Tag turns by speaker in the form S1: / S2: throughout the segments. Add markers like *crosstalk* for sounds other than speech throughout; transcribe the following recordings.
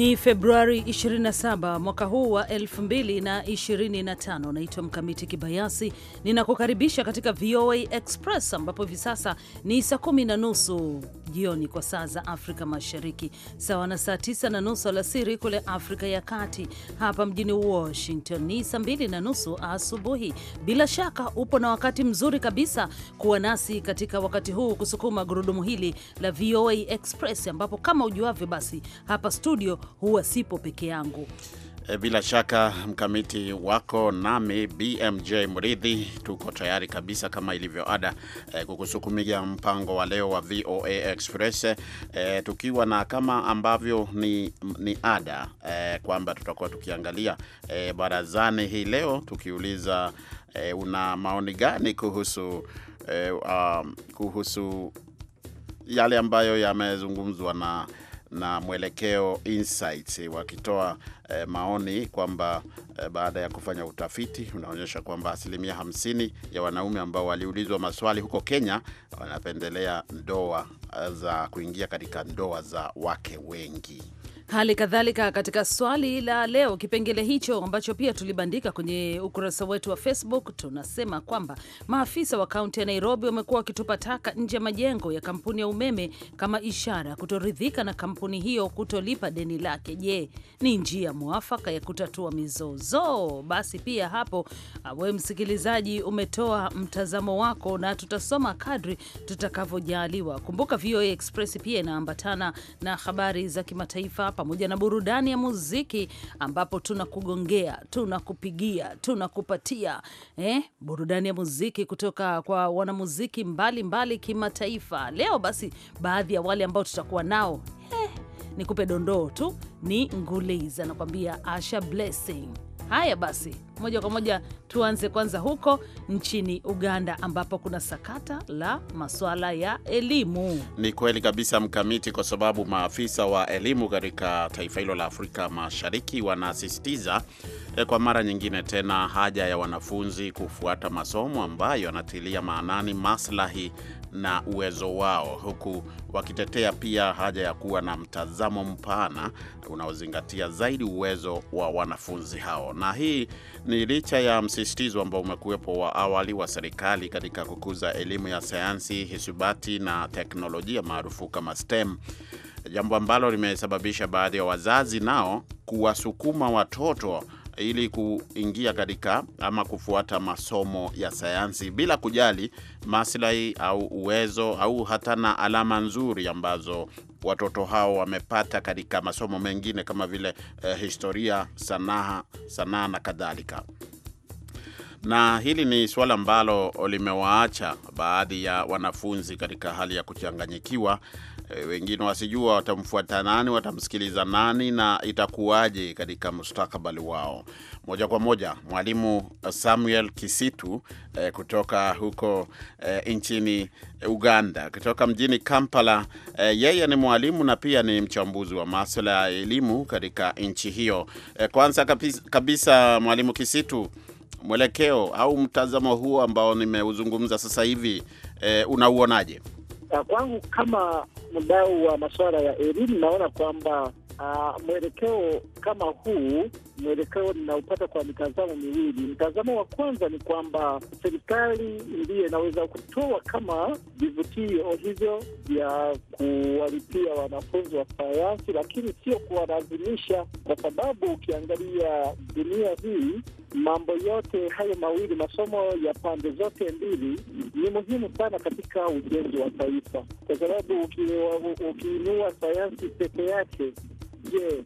S1: Ni Februari 27 mwaka huu wa 2025. Naitwa Mkamiti Kibayasi, ninakukaribisha katika VOA Express ambapo hivi sasa ni saa kumi na nusu jioni kwa saa za Afrika Mashariki, sawa na saa tisa na nusu alasiri kule Afrika ya Kati. Hapa mjini Washington ni saa mbili na nusu asubuhi. Bila shaka upo na wakati mzuri kabisa kuwa nasi katika wakati huu kusukuma gurudumu hili la VOA Express, ambapo kama ujuavyo, basi hapa studio huwa sipo peke yangu.
S2: Eh, bila shaka mkamiti wako nami BMJ Mridhi, tuko tayari kabisa kama ilivyo ada eh, kukusukumia mpango wa leo wa VOA Express e, tukiwa na kama ambavyo ni, ni ada e, kwamba tutakuwa tukiangalia e, barazani hii leo tukiuliza e, una maoni gani kuhusu e, um, kuhusu yale ambayo yamezungumzwa na na Mwelekeo Insights wakitoa eh, maoni kwamba eh, baada ya kufanya utafiti unaonyesha kwamba asilimia hamsini ya wanaume ambao waliulizwa maswali huko Kenya wanapendelea ndoa eh, za kuingia katika ndoa za wake wengi.
S1: Hali kadhalika katika swali la leo, kipengele hicho ambacho pia tulibandika kwenye ukurasa wetu wa Facebook, tunasema kwamba maafisa wa kaunti ya Nairobi wamekuwa wakitupa taka nje ya majengo ya kampuni ya umeme kama ishara ya kutoridhika na kampuni hiyo kutolipa deni lake. Je, ni njia mwafaka ya kutatua mizozo? Basi pia hapo we msikilizaji, umetoa mtazamo wako na tutasoma kadri tutakavyojaaliwa. Kumbuka VOA Express pia inaambatana na habari za kimataifa pamoja na burudani ya muziki, ambapo tunakugongea, tunakupigia, tunakupatia eh, burudani ya muziki kutoka kwa wanamuziki mbalimbali kimataifa. Leo basi, baadhi ya wale ambao tutakuwa nao eh, nikupe dondoo tu ni Nguliza anakuambia Asha Blessing. Haya basi. Moja kwa moja tuanze kwanza huko nchini Uganda, ambapo kuna sakata la masuala ya elimu.
S2: Ni kweli kabisa Mkamiti, kwa sababu maafisa wa elimu katika taifa hilo la Afrika Mashariki wanasisitiza eh, kwa mara nyingine tena haja ya wanafunzi kufuata masomo ambayo yanatilia maanani maslahi na uwezo wao, huku wakitetea pia haja ya kuwa na mtazamo mpana unaozingatia zaidi uwezo wa wanafunzi hao. Na hii ni licha ya msisitizo ambao umekuwepo wa awali wa serikali katika kukuza elimu ya sayansi, hisabati na teknolojia maarufu kama STEM, jambo ambalo limesababisha baadhi ya wazazi nao kuwasukuma watoto ili kuingia katika ama kufuata masomo ya sayansi bila kujali maslahi au uwezo au hata na alama nzuri ambazo watoto hao wamepata katika masomo mengine kama vile eh, historia, sanaa, sanaa na kadhalika. Na hili ni suala ambalo limewaacha baadhi ya wanafunzi katika hali ya kuchanganyikiwa E, wengine wasijua watamfuata nani, watamsikiliza nani na itakuwaje katika mustakabali wao. Moja kwa moja, Mwalimu Samuel Kisitu eh, kutoka huko eh, nchini Uganda, kutoka mjini Kampala. Eh, yeye ni mwalimu na pia ni mchambuzi wa maswala ya elimu katika nchi hiyo. Eh, kwanza kabisa, kabisa Mwalimu Kisitu, mwelekeo au mtazamo huu ambao nimeuzungumza sasa hivi eh, unauonaje?
S3: Eh, kwangu kama mdau wa masuala ya elimu, naona kwamba Uh, mwelekeo kama huu mwelekeo ninaupata kwa mitazamo miwili. Mtazamo wa kwanza ni kwamba serikali ndiyo inaweza kutoa kama vivutio hivyo vya kuwalipia wanafunzi wa sayansi, lakini sio kuwalazimisha, kwa sababu ukiangalia dunia hii mambo yote hayo mawili, masomo ya pande zote mbili ni muhimu sana katika ujenzi wa taifa, kwa sababu ukiinua sayansi peke yake Je,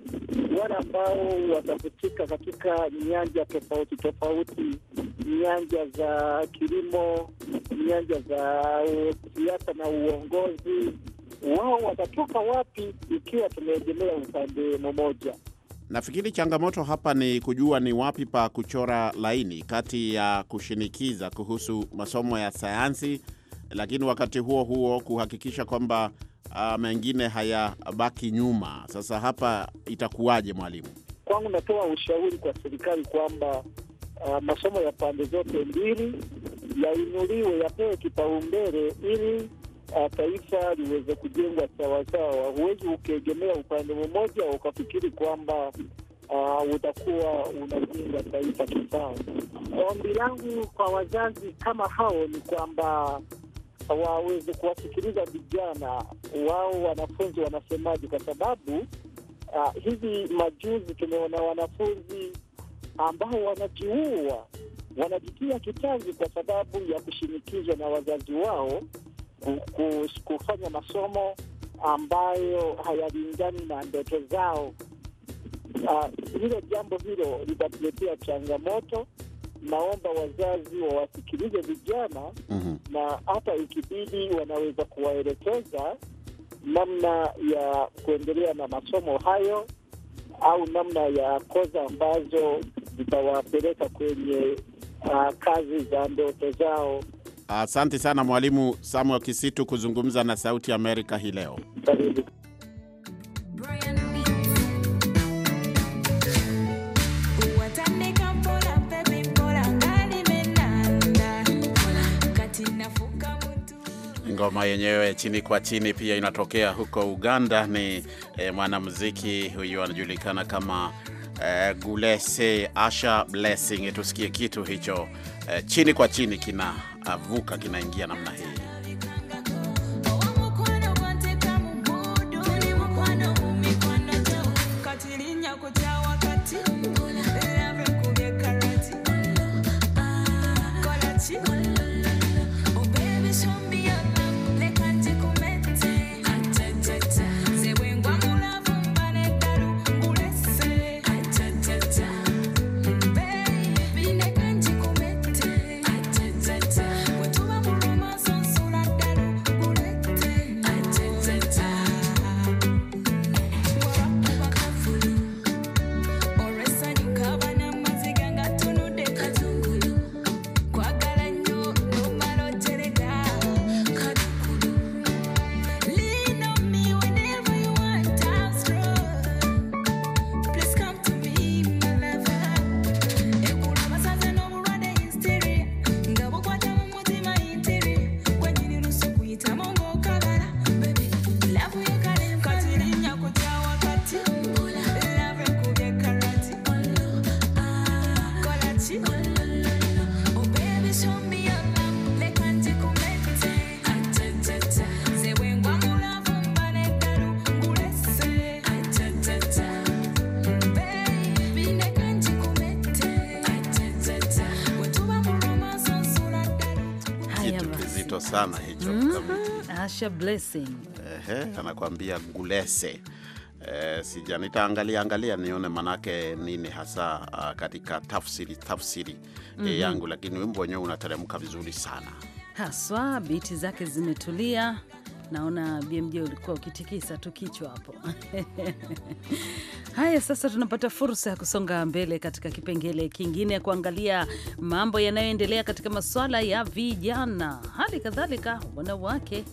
S3: wale ambao watafutika katika nyanja tofauti tofauti, nyanja za kilimo, nyanja za siasa na uongozi, wao watatoka wapi ikiwa tumeegemea upande mmoja?
S2: Nafikiri changamoto hapa ni kujua ni wapi pa kuchora laini kati ya kushinikiza kuhusu masomo ya sayansi, lakini wakati huo huo kuhakikisha kwamba uh, mengine hayabaki nyuma. Sasa hapa itakuwaje, mwalimu?
S3: Kwangu natoa ushauri kwa serikali kwamba uh, masomo ya pande zote mbili yainuliwe, yapewe kipaumbele ili Eh, taifa liweze kujengwa sawasawa. Huwezi ukiegemea upande mmoja ukafikiri kwamba uh, utakuwa unajenga taifa kisawa. Ombi langu kwa wazazi kama hao ni kwamba waweze kuwasikiliza vijana wao, wanafunzi wanasemaje, kwa sababu uh, hivi majuzi tumeona wanafunzi ambao wanajiua, wanajitia kitanzi kwa sababu ya kushinikizwa na wazazi wao kufanya masomo ambayo hayalingani na ndoto zao. Uh, hilo jambo hilo litatuletea changamoto. Naomba wazazi wawasikilize vijana mm -hmm. na hata ikibidi wanaweza kuwaelekeza namna ya kuendelea na masomo hayo au namna ya koza ambazo zitawapeleka kwenye uh, kazi za ndoto zao.
S2: Asante sana Mwalimu Samuel Kisitu kuzungumza na Sauti ya Amerika hii leo. Ngoma yenyewe chini kwa chini pia inatokea huko Uganda. Ni eh, mwanamuziki huyu anajulikana kama eh, Gulese Asha Blessing. Tusikie kitu hicho. Eh, chini kwa chini kinavuka, kinaingia namna hii.
S1: Natasha Blessing.
S2: Ehe, anakuambia gulese. Eh, sija nitaangalia angalia nione manake nini hasa uh, katika tafsiri tafsiri mm -hmm. yangu, lakini wimbo wenyewe unateremka vizuri sana
S1: haswa, biti zake zimetulia. Naona BMJ ulikuwa ukitikisa tu kichwa hapo. *laughs* Haya, sasa tunapata fursa ya kusonga mbele katika kipengele kingine, kuangalia mambo yanayoendelea katika masuala ya vijana, hali kadhalika wanawake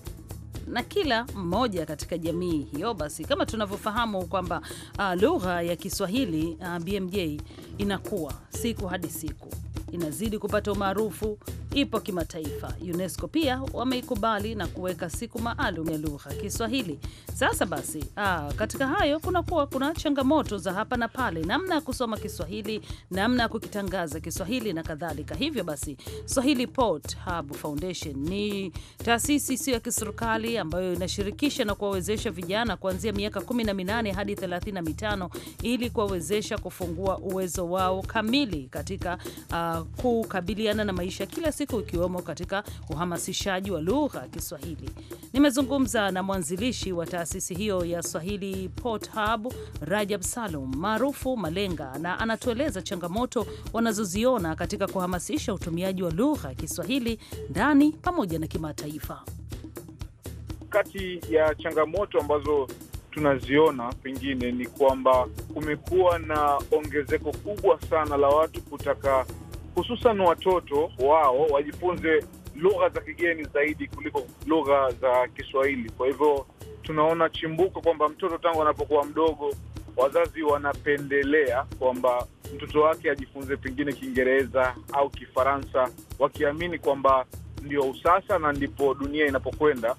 S1: na kila mmoja katika jamii hiyo. Basi kama tunavyofahamu kwamba uh, lugha ya Kiswahili uh, ah, BMJ inakuwa siku hadi siku inazidi kupata umaarufu ipo kimataifa. UNESCO pia wameikubali na kuweka siku maalum ya lugha Kiswahili. Sasa basi, aa, ah, katika hayo kunakuwa kuna changamoto za hapa na pale, namna ya kusoma Kiswahili, namna ya kukitangaza Kiswahili na kadhalika. Hivyo basi, Swahili Port Hub Foundation ni taasisi isiyo ya kiserikali ambayo inashirikisha na kuwawezesha vijana kuanzia miaka kumi na minane hadi thelathini na mitano ili kuwawezesha kufungua uwezo wao kamili katika uh, kukabiliana na maisha kila siku siku ikiwemo katika uhamasishaji wa lugha ya Kiswahili. Nimezungumza na mwanzilishi wa taasisi hiyo ya Swahili Port Hub, Rajab Salum maarufu Malenga, na anatueleza changamoto wanazoziona katika kuhamasisha utumiaji wa lugha ya Kiswahili ndani pamoja na kimataifa.
S4: Kati ya changamoto ambazo tunaziona pengine ni kwamba kumekuwa na ongezeko kubwa sana la watu kutaka hususan watoto wao wajifunze lugha za kigeni zaidi kuliko lugha za Kiswahili. Kwa hivyo tunaona chimbuko kwamba mtoto tangu anapokuwa mdogo, wazazi wanapendelea kwamba mtoto wake ajifunze pengine Kiingereza au Kifaransa, wakiamini kwamba ndio usasa na ndipo dunia inapokwenda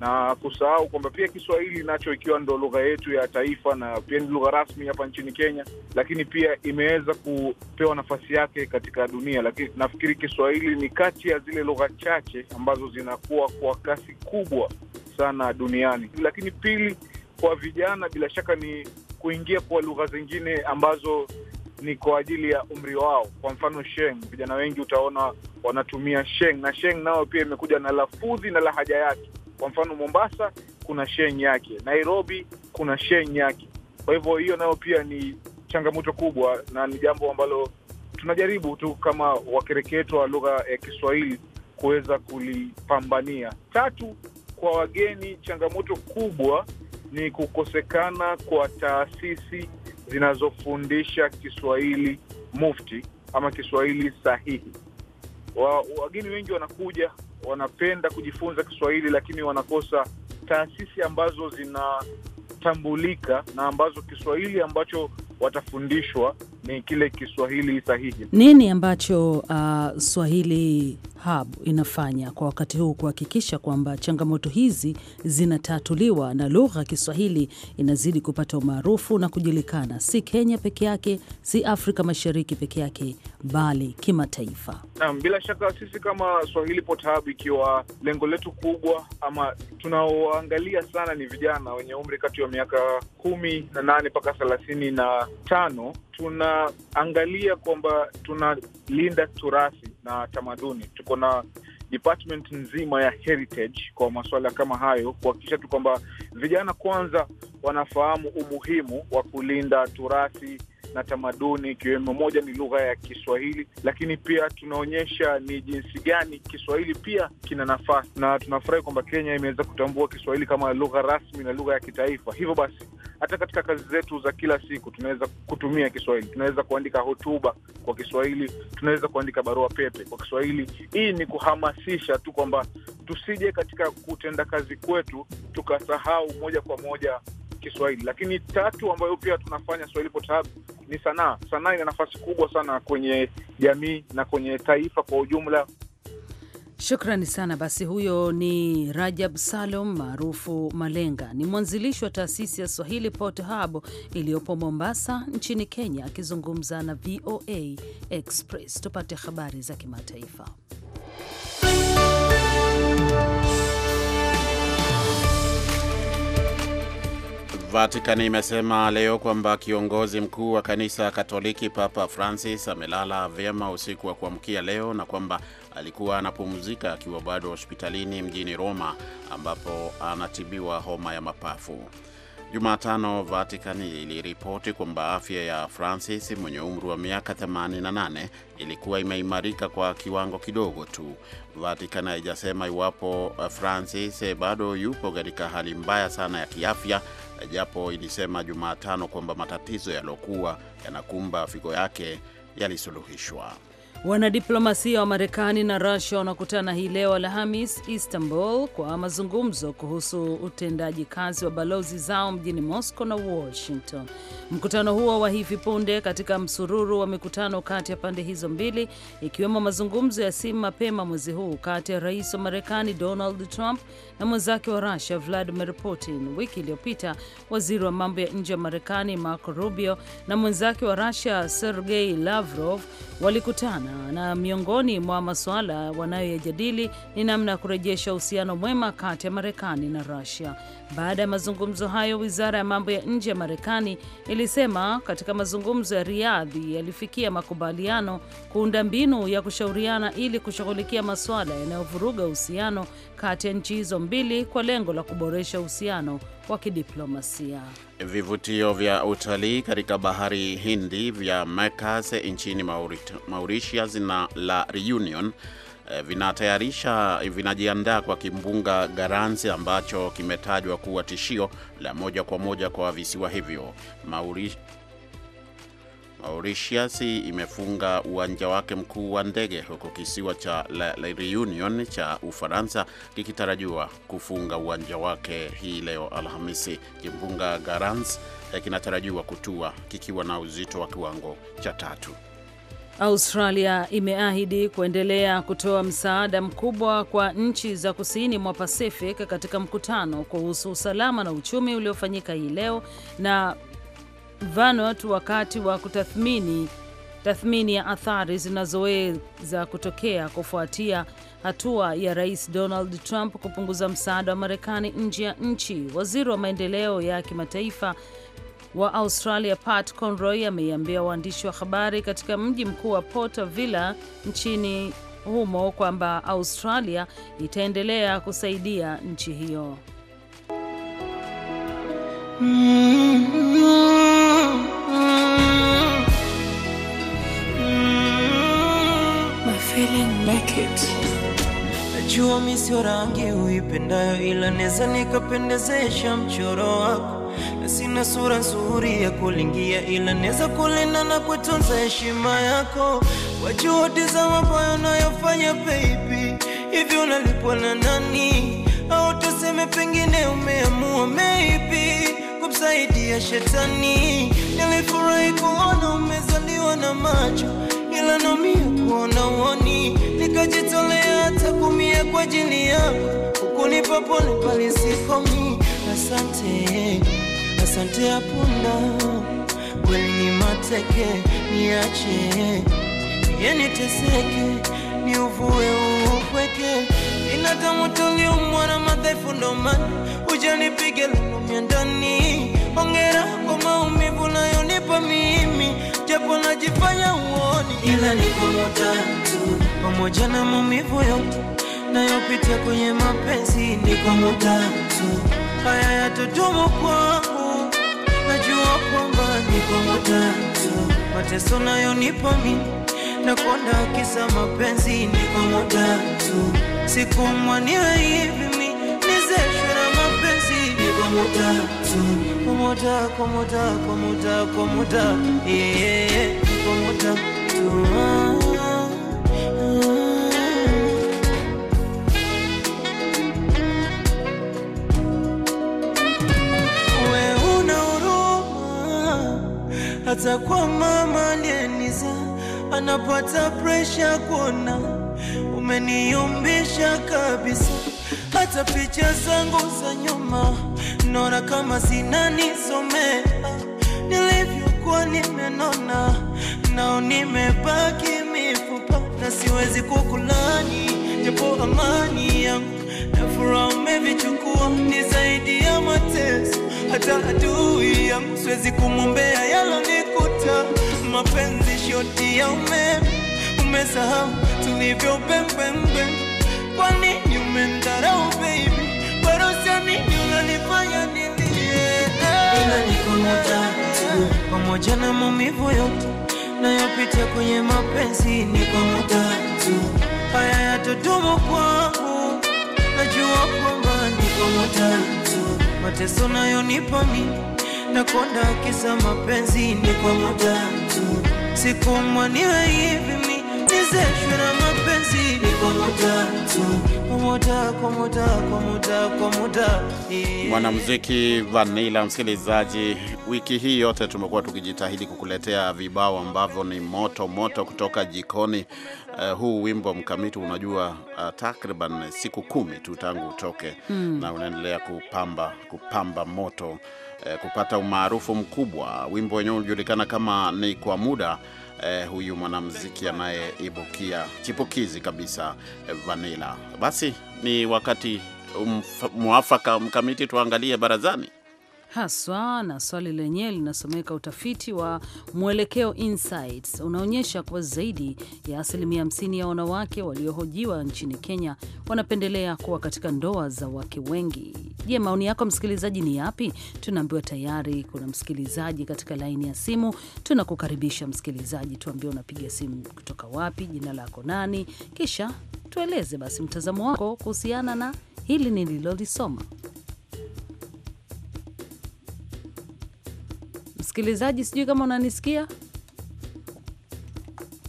S4: na kusahau kwamba pia Kiswahili nacho ikiwa ndo lugha yetu ya taifa na pia ni lugha rasmi hapa nchini Kenya, lakini pia imeweza kupewa nafasi yake katika dunia. Lakini nafikiri Kiswahili ni kati ya zile lugha chache ambazo zinakuwa kwa kasi kubwa sana duniani. Lakini pili, kwa vijana bila shaka ni kuingia kwa lugha zingine ambazo ni kwa ajili ya umri wao. Kwa mfano Sheng, vijana wengi utaona wanatumia Sheng na Sheng nao pia imekuja na lafudhi na lahaja yake kwa mfano Mombasa kuna sheni yake, Nairobi kuna sheni yake. Kwa hivyo hiyo nayo pia ni changamoto kubwa, na ni jambo ambalo tunajaribu tu kama wakereketwa lugha ya Kiswahili kuweza kulipambania. Tatu, kwa wageni, changamoto kubwa ni kukosekana kwa taasisi zinazofundisha Kiswahili mufti ama Kiswahili sahihi. Wa, wageni wengi wanakuja wanapenda kujifunza Kiswahili lakini wanakosa taasisi ambazo zinatambulika na ambazo Kiswahili ambacho watafundishwa ni kile Kiswahili sahihi. Nini
S1: ambacho uh, Swahili Hub inafanya kwa wakati huu kuhakikisha kwamba changamoto hizi zinatatuliwa na lugha ya Kiswahili inazidi kupata umaarufu na kujulikana, si Kenya peke yake, si Afrika Mashariki peke yake, bali kimataifa?
S4: Naam, bila shaka sisi kama Swahili Pot Hub, ikiwa lengo letu kubwa ama tunaoangalia sana ni vijana wenye umri kati ya miaka kumi na nane mpaka thelathini na tano tunaangalia kwamba tunalinda turathi na tamaduni. Tuko na department nzima ya heritage kwa masuala kama hayo, kuhakikisha tu kwamba vijana kwanza wanafahamu umuhimu wa kulinda turathi na tamaduni, ikiwemo moja ni lugha ya Kiswahili, lakini pia tunaonyesha ni jinsi gani Kiswahili pia kina nafasi, na tunafurahi kwamba Kenya imeweza kutambua Kiswahili kama lugha rasmi na lugha ya kitaifa. Hivyo basi hata katika kazi zetu za kila siku tunaweza kutumia Kiswahili, tunaweza kuandika hotuba kwa Kiswahili, tunaweza kuandika barua pepe kwa Kiswahili. Hii ni kuhamasisha tu kwamba tusije katika kutenda kazi kwetu tukasahau moja kwa moja Kiswahili. Lakini tatu, ambayo pia tunafanya Swahili Pot Hub ni sanaa. Sanaa ina nafasi kubwa sana kwenye jamii na kwenye taifa kwa ujumla.
S1: Shukrani sana. Basi huyo ni Rajab Salum maarufu Malenga, ni mwanzilishi wa taasisi ya Swahili Pot Hub iliyopo Mombasa nchini Kenya, akizungumza na VOA Express. Tupate habari za kimataifa.
S2: Vatican imesema leo kwamba kiongozi mkuu wa kanisa Katoliki Papa Francis amelala vyema usiku wa kuamkia leo na kwamba alikuwa anapumzika akiwa bado hospitalini mjini Roma ambapo anatibiwa homa ya mapafu. Jumatano vatican iliripoti kwamba afya ya Francis mwenye umri wa miaka 88 ilikuwa imeimarika kwa kiwango kidogo tu. vatican haijasema iwapo eh, Francis eh, bado yupo katika hali mbaya sana ya kiafya, eh, japo ilisema Jumatano kwamba matatizo yaliyokuwa yanakumba figo yake yalisuluhishwa.
S1: Wanadiplomasia wa Marekani na Rusia wanakutana hii leo Alhamis Istanbul kwa mazungumzo kuhusu utendaji kazi wa balozi zao mjini Moscow na Washington. Mkutano huo wa hivi punde katika msururu wa mikutano kati ya pande hizo mbili, ikiwemo mazungumzo ya simu mapema mwezi huu kati ya rais wa Marekani Donald Trump na mwenzake wa Rusia Vladimir Putin. Wiki iliyopita waziri wa mambo ya nje wa Marekani Marco Rubio na mwenzake wa Rusia Sergei Lavrov walikutana, na miongoni mwa masuala wanayoyajadili ni namna ya kurejesha uhusiano mwema kati ya Marekani na Rusia. Baada ya mazungumzo hayo, wizara ya mambo ya nje ya Marekani ilisema katika mazungumzo ya riadhi yalifikia makubaliano kuunda mbinu ya kushauriana ili kushughulikia masuala yanayovuruga uhusiano kati ya nchi hizo mbili kwa lengo la kuboresha uhusiano wa kidiplomasia.
S2: Vivutio vya utalii katika bahari Hindi vya Mekas nchini Mauritius na La Reunion Eh, vinatayarisha eh, vinajiandaa kwa kimbunga Garansi ambacho kimetajwa kuwa tishio la moja kwa moja kwa visiwa hivyo. Mauri... imefunga uwanja wake mkuu wa ndege huku kisiwa cha La Reunion cha Ufaransa kikitarajiwa kufunga uwanja wake hii leo Alhamisi. Kimbunga Garance eh, kinatarajiwa kutua kikiwa na uzito wa kiwango cha tatu.
S1: Australia imeahidi kuendelea kutoa msaada mkubwa kwa nchi za kusini mwa Pacific katika mkutano kuhusu usalama na uchumi uliofanyika hii leo na Vanuatu wakati wa kutathmini tathmini ya athari zinazoweza kutokea kufuatia hatua ya Rais Donald Trump kupunguza msaada wa Marekani nje ya nchi. Waziri wa maendeleo ya kimataifa wa Australia Pat Conroy ameiambia waandishi wa habari katika mji mkuu wa villa nchini humo kwamba Australia itaendelea kusaidia nchi hiyo.
S5: Najua mi sio rangi uipendayo, ila neza nikapendezesha mchoro wako na sina sura nzuri ya kulingia, ila neza kulinda na kutunza heshima yako kwa juhudi za mabaya unayofanya baby. Hivyo unalipwa na nani? Au tuseme pengine umeamua maybe kumsaidia shetani. Nilifurahi kuona umezaliwa na macho, ila naumia kuona uoni, nikajitolea hata kumia kwa ajili yako, ukunipa pole pale sikomi. Asante asante ya punda kweli ni mateke, niache niye niteseke, ni uvue upweke, binadamu tuliumbwa na madhaifu, ndo maana ujanipige lunumia ndani. Ongera kwa maumivu nayonipa mimi, japo najifanya uoni, ila niko mutatu pamoja na maumivu yote nayopitia kwenye mapenzi, niko mutatu, haya yatudumu kwangu kwamba niko motazo, mateso nayonipa mi nakonda kisa mapenzi, niko motazo, siku mwaniwe hivi mi nizeshwe na mapenzi, niko motazo, komota komota komota komota, yeah, komota tu Hata kwa mama lieniza anapata presha kuona umeniumbisha kabisa. Hata picha zangu za nyuma nora kama zinanisomea nilivyokuwa nimenona, nao nimebaki mifupa na siwezi kukulani, japo amani yangu na furaha umevichukua, ni zaidi ya mateso, hata adui ya siwezi kumwombea yalonikuta. Mapenzi shoti ya umeme, umesahau tulivyo pembembe. Kwa nini umendarau baby, bado siamini unanifanya nilie, pamoja na maumivu yote nayopitia kwenye mapenzi, ni kwa muda tu, haya yatodumu kwangu najua kwamba ndiko matatizo, mateso nayo nipo mi na konda kisa mapenzi ni kwa mutanzo siku mwaniwe hivi mi nizeshwe na mapenzi ni kwa mutanzo
S2: Mwanamuziki Vanila, msikilizaji, wiki hii yote tumekuwa tukijitahidi kukuletea vibao ambavyo ni moto moto kutoka jikoni uh, huu wimbo mkamiti, unajua uh, takriban siku kumi tu tangu utoke mm. na unaendelea kupamba kupamba moto uh, kupata umaarufu mkubwa. Wimbo wenyewe unajulikana kama ni kwa muda Eh, huyu mwanamuziki anayeibukia chipukizi kabisa eh, Vanilla. Basi ni wakati mwafaka mkamiti, tuangalie barazani
S1: haswa, na swali lenyewe linasomeka, utafiti wa Mwelekeo Insights unaonyesha kuwa zaidi ya asilimia 50 ya wanawake waliohojiwa nchini Kenya wanapendelea kuwa katika ndoa za wake wengi. Je, maoni yako msikilizaji ni yapi? Tunaambiwa tayari kuna msikilizaji katika laini ya simu. Tunakukaribisha msikilizaji, tuambie unapiga simu kutoka wapi, jina lako nani, kisha tueleze basi mtazamo wako kuhusiana na hili nililolisoma. msikilizaji, sijui kama unanisikia.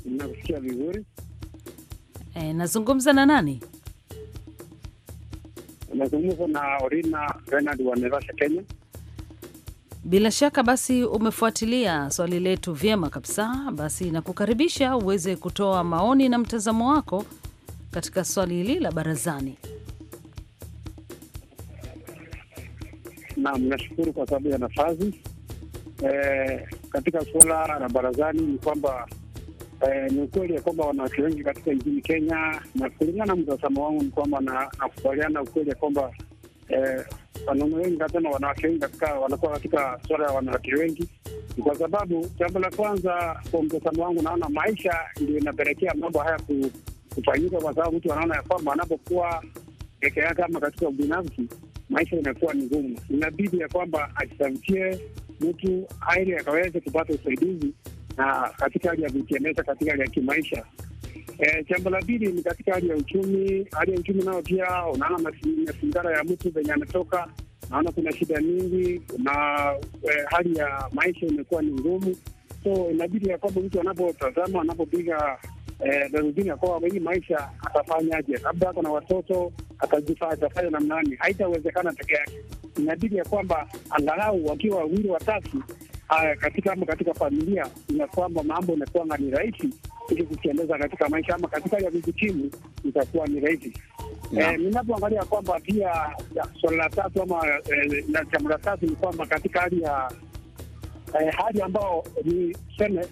S1: Nasikia vizuri. E, nazungumza na nani?
S6: Nazungumza na Orina Renard wa Naivasha, Kenya.
S1: Bila shaka basi umefuatilia swali letu vyema kabisa. Basi nakukaribisha uweze kutoa maoni na mtazamo wako katika swali hili la barazani.
S6: Naam, nashukuru kwa sababu ya nafasi eh, katika suala la barazani ni kwamba eh, ni ukweli ya kwamba wanawake wengi katika nchini Kenya, na kulingana mtazamo wangu ni kwamba nakubaliana ukweli ya kwamba eh, wanaume wengi katana wanawake wengi katika wanakuwa katika suala ya wanawake wengi ni kwa sababu jambo la kwanza, kwa mtazamo wangu, naona maisha ndio inapelekea mambo haya kufanyika, kwa sababu mtu anaona ya kwamba anapokuwa peke yake ama katika ubinafsi, maisha inakuwa ni ngumu, inabidi ya kwamba ajitamkie mtu aili akaweze kupata usaidizi na katika hali ya kujiendesha katika hali ya kimaisha. Eh, jambo e, la pili ni katika hali ya uchumi. Hali ya uchumi nao pia unaona masingara ya mtu venye ametoka, naona kuna shida nyingi na e, hali ya maisha imekuwa ni ngumu, so inabidi ya kwamba mtu anapotazama, anapopiga Eh, na akawa hii maisha atafanyaje? Labda ako na watoto, atajifaa atafanya namnani? Haitawezekana peke yake, inabidi ya kwamba angalau wakiwa wawili watatu katika ama katika familia, ina kwamba mambo inakuanga ni rahisi ili kukiendeza katika maisha ama katika ya vijijini itakuwa ni rahisi. Eh, ninapoangalia kwamba pia swala la tatu ama eh, jambo la tatu ni kwamba katika hali ya hali ambayo ni seme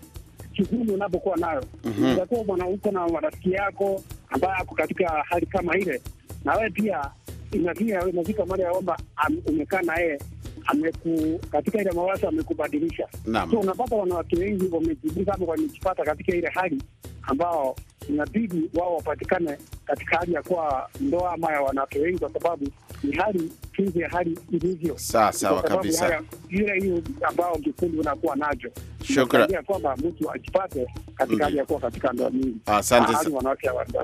S6: shughuli unapokuwa nayo mhm. utakuwa mm -hmm. na marafiki yako ambaye ako katika hali kama ile, na wewe pia inafika mara ya kwamba umekaa na yeye ameku katika ile mawazo amekubadilisha. So unapata wanawake wengi wamejibuza ama wamejipata katika ile hali ambao inabidi wao wapatikane katika hali ya kuwa ndoa ama ya wanawake wengi, kwa sababu ni hali kinzi ya hali ilivyo. Sawa kabisa, ile hiyo ambao kikundi unakuwa nacho kwamba mtu ajipate katika hali ya mm. kuwa katika ndoa nyingi.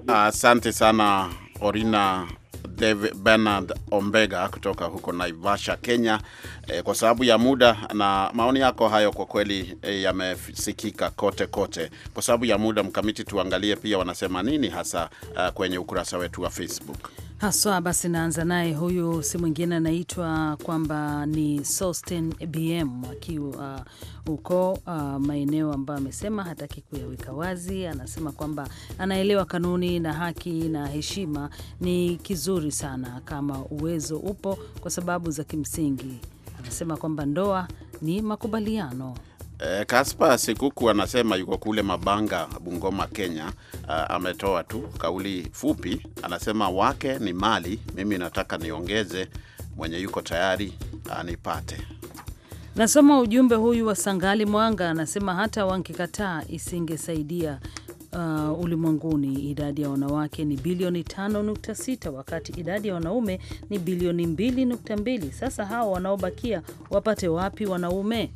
S2: asante sana Orina David Bernard Ombega kutoka huko Naivasha, Kenya. E, kwa sababu ya muda na maoni yako hayo kwa kweli e, yamesikika kote kote. Kwa sababu ya muda, Mkamiti, tuangalie pia wanasema nini hasa uh, kwenye ukurasa wetu wa Facebook
S1: haswa. Basi naanza naye, huyu si mwingine anaitwa kwamba ni Sosten BM akiwa huko uh, uh, maeneo ambayo amesema hataki kuyaweka wazi. Anasema kwamba anaelewa kanuni na haki na heshima ni kizuri sana kama uwezo upo, kwa sababu za kimsingi. Anasema kwamba ndoa ni makubaliano
S2: Eh, Kaspa Sikuku anasema yuko kule Mabanga, Bungoma, Kenya. Uh, ametoa tu kauli fupi, anasema wake ni mali, mimi nataka niongeze, mwenye yuko tayari anipate.
S1: Nasoma ujumbe huyu wa Sangali Mwanga, anasema hata wankikataa isingesaidia Uh, ulimwenguni idadi ya wanawake ni bilioni 5.6 wakati idadi ya wanaume ni bilioni 2.2. Sasa hawa wanaobakia wapate wapi wanaume?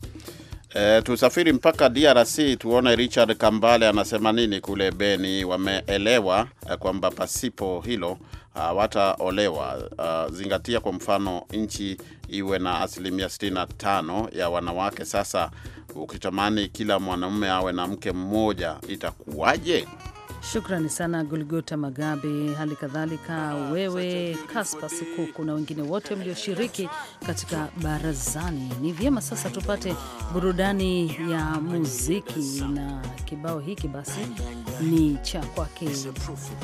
S2: E, tusafiri mpaka DRC tuone Richard Kambale anasema nini kule Beni. Wameelewa e, kwamba pasipo hilo hawataolewa. E, zingatia kwa mfano nchi iwe na asilimia 65 ya wanawake. Sasa ukitamani kila mwanaume awe na mke mmoja itakuwaje?
S1: Shukrani sana Golgota Magabe, hali kadhalika wewe Kaspa Sikuku na wengine wote mlioshiriki katika barazani. Ni vyema sasa tupate burudani ya muziki, na kibao hiki basi ni cha kwake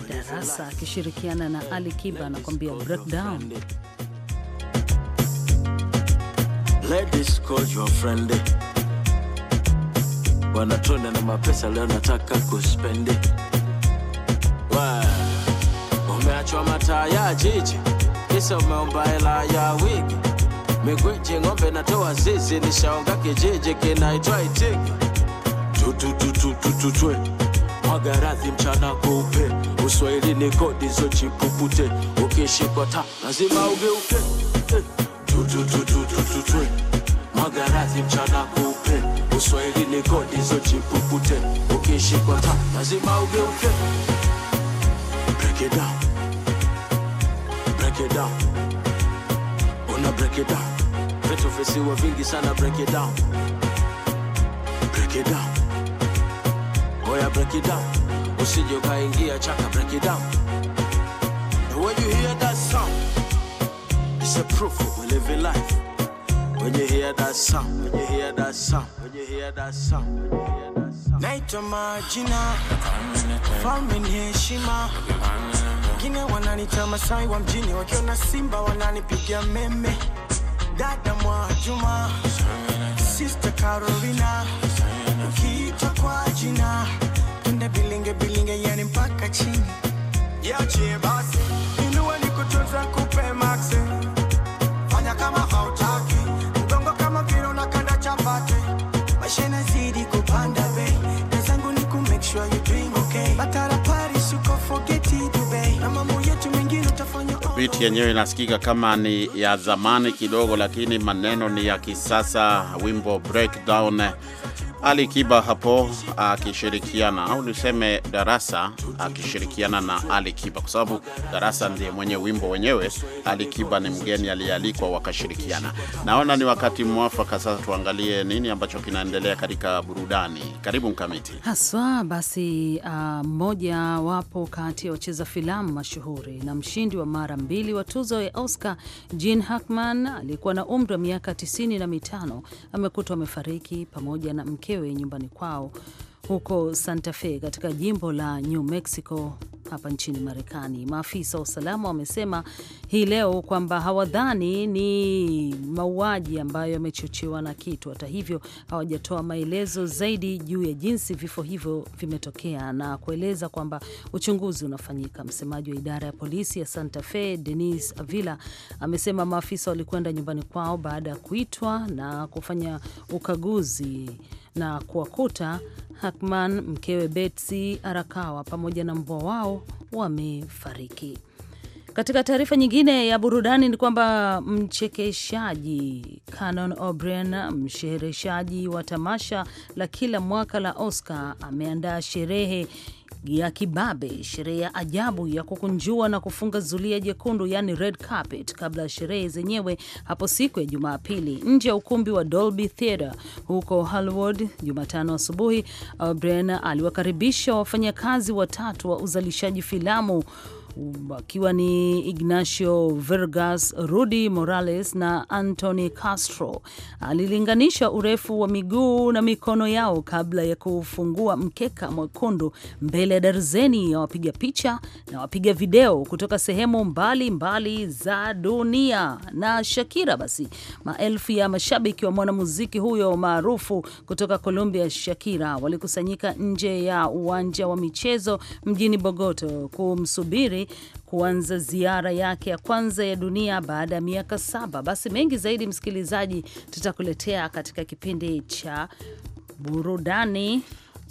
S1: Darasa akishirikiana na Ali Kiba anakuambia breakdown.
S7: call your friend. Wanatona na mapesa leo nataka we umeachwa mataa ya jiji kisa umeomba hela ya wiki migwiji ng'ombe natoa zizi nishaonga kijiji kinaitwa itiki tutututututwe mwaga mchana kweupe uswahili ni kodi zochipupute ukishikwa ta lazima ugeuke tutututututwe mwaga mchana kweupe uswahili ni kodi zochipupute ukishikwa ta lazima ugeuke break it down. Break it down. Gonna break it down. Vitu visiwa vingi sana break it down. Break it down. Oya break it down. Oh, Usije ukaingia chaka break it down. And when you hear that sound, it's a proof of we live in life. When you hear that song, when you hear that sound, when you hear that sound, when you hear that sound. naitwa majina, falme ni heshima. Wengine wananita Masai wa mjini, wakiona simba wananipigia meme. Dada mwa Juma, sister Carolina, ukiitwa kwa jina twende bilinge bilinge, yani mpaka chini. Yache basi
S2: beat yenyewe inasikika kama ni ya zamani kidogo, lakini maneno ni ya kisasa. Wimbo breakdown ali Kiba hapo akishirikiana au niseme Darasa akishirikiana na Ali Kiba, kwa sababu Darasa ndiye mwenye wimbo wenyewe. Ali Kiba ni mgeni aliyealikwa, wakashirikiana. Naona ni wakati mwafaka sasa tuangalie nini ambacho kinaendelea katika burudani. Karibu Mkamiti
S1: haswa. Basi uh, mmoja uh, wapo kati ya wacheza filamu mashuhuri na mshindi wa mara mbili wa tuzo ya Oscar Gene Hackman aliyekuwa na umri wa miaka tisini na mitano amekutwa amefariki pamoja na mke mkewe nyumbani kwao huko Santa Fe katika jimbo la New Mexico hapa nchini Marekani. Maafisa wa usalama wamesema hii leo kwamba hawadhani ni mauaji ambayo yamechochewa na kitu. Hata hivyo, hawajatoa maelezo zaidi juu ya jinsi vifo hivyo vimetokea na kueleza kwamba uchunguzi unafanyika. Msemaji wa idara ya polisi ya Santa Fe, Denis Avila, amesema maafisa walikwenda nyumbani kwao baada ya kuitwa na kufanya ukaguzi na kuwakuta Hackman, mkewe Betsy Arakawa pamoja na mbwa wao wamefariki. Katika taarifa nyingine ya burudani ni kwamba mchekeshaji canon O'Brien, mshereheshaji wa tamasha la kila mwaka la Oscar, ameandaa sherehe ya kibabe, sherehe ya ajabu ya kukunjua na kufunga zulia jekundu, yani red carpet, kabla ya sherehe zenyewe hapo siku ya Jumapili nje ya ukumbi wa Dolby Theatre huko Hollywood. Jumatano asubuhi, uh, Brenner aliwakaribisha wafanyakazi watatu wa uzalishaji filamu wakiwa ni Ignacio Vergas, Rudi Morales na Anthony Castro. Alilinganisha urefu wa miguu na mikono yao kabla ya kufungua mkeka mwekundu mbele ya darzeni ya wapiga picha na wapiga video kutoka sehemu mbalimbali mbali za dunia. Na Shakira, basi maelfu ya mashabiki wa mwanamuziki huyo maarufu kutoka Colombia, Shakira, walikusanyika nje ya uwanja wa michezo mjini Bogoto kumsubiri kuanza ziara yake ya kwanza ya dunia baada ya miaka saba. Basi mengi zaidi, msikilizaji, tutakuletea katika kipindi cha burudani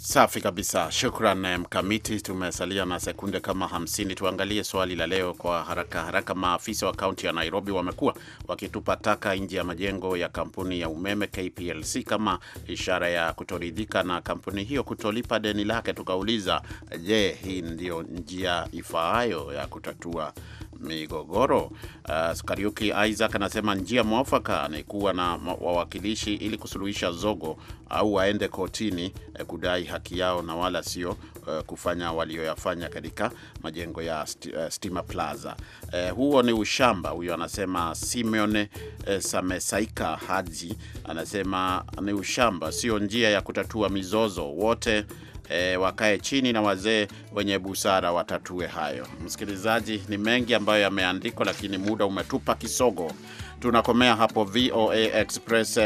S2: Safi kabisa, shukran eh, Mkamiti. Tumesalia na sekunde kama hamsini, tuangalie swali la leo kwa haraka haraka. Maafisa wa kaunti ya Nairobi wamekuwa wakitupa taka nje ya majengo ya kampuni ya umeme KPLC kama ishara ya kutoridhika na kampuni hiyo kutolipa deni lake. Tukauliza, je, hii ndiyo njia ifaayo ya kutatua migogoro? Uh, Sukariuki Isaac anasema njia mwafaka ni kuwa na wawakilishi ili kusuluhisha zogo, au waende kotini eh, kudai haki yao na wala sio uh, kufanya walioyafanya katika majengo ya st uh, eh, Stima Plaza. Uh, huo ni ushamba. Huyo anasema Simeone uh, Samesaika Haji anasema ni ushamba, sio njia ya kutatua mizozo. Wote E, wakae chini na wazee wenye busara watatue hayo. Msikilizaji, ni mengi ambayo yameandikwa, lakini muda umetupa kisogo. Tunakomea hapo VOA Express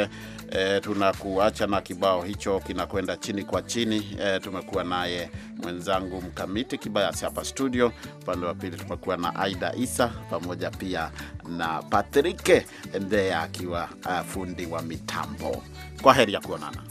S2: E, tunakuacha na kibao hicho kinakwenda chini kwa chini. E, tumekuwa naye mwenzangu Mkamiti Kibayasi hapa studio. Upande wa pili tumekuwa na Aida Isa pamoja pia na Patrike Ndea akiwa uh, fundi wa mitambo. Kwa heri ya kuonana.